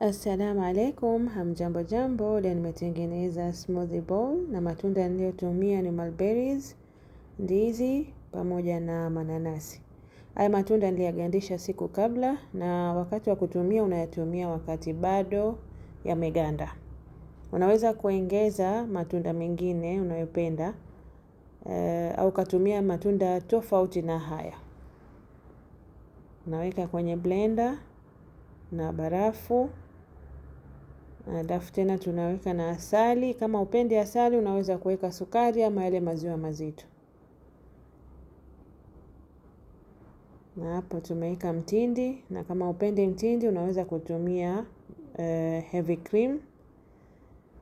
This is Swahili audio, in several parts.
Assalamu alaikum, hamjambo jambo. Leo nimetengeneza smoothie bowl na matunda niliyotumia ni mulberries, ndizi pamoja na mananasi. Haya matunda niliyagandisha siku kabla, na wakati wa kutumia unayatumia wakati bado yameganda. Unaweza kuongeza matunda mengine unayopenda, uh, au ukatumia matunda tofauti na haya. Unaweka kwenye blender na barafu Alafu tena tunaweka na asali, kama upendi asali unaweza kuweka sukari ama yale maziwa mazito. Na hapo tumeweka mtindi, na kama upendi mtindi unaweza kutumia uh, heavy cream.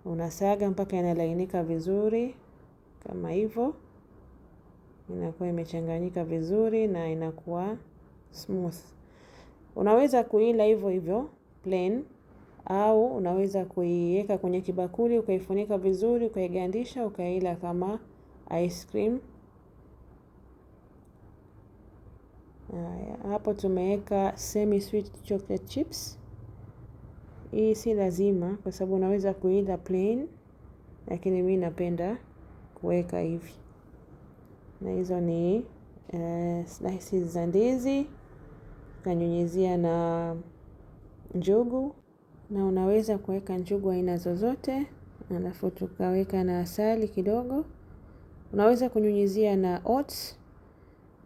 Unasaga mpaka inalainika vizuri kama hivyo, inakuwa imechanganyika vizuri na inakuwa smooth. Unaweza kuila hivyo hivyo plain au unaweza kuiweka kwenye kibakuli ukaifunika vizuri ukaigandisha ukaila kama ice cream. Haya, hapo tumeweka semi sweet chocolate chips. Hii si lazima kwa sababu unaweza kuila plain, lakini mi napenda kuweka hivi. Na hizo ni uh, slices za ndizi, kanyunyizia na njugu na unaweza kuweka njugu aina zozote, alafu tukaweka na asali kidogo, unaweza kunyunyizia na oats.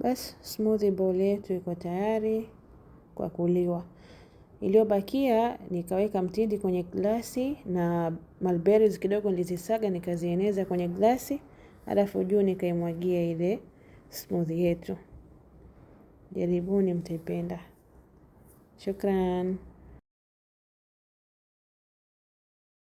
Bas, smoothie bowl yetu iko tayari kwa kuliwa. Iliyobakia nikaweka mtindi kwenye glasi na mulberries kidogo nilizisaga nikazieneza kwenye glasi, alafu juu nikaimwagia ile smoothie yetu. Jaribuni mtaipenda. Shukran.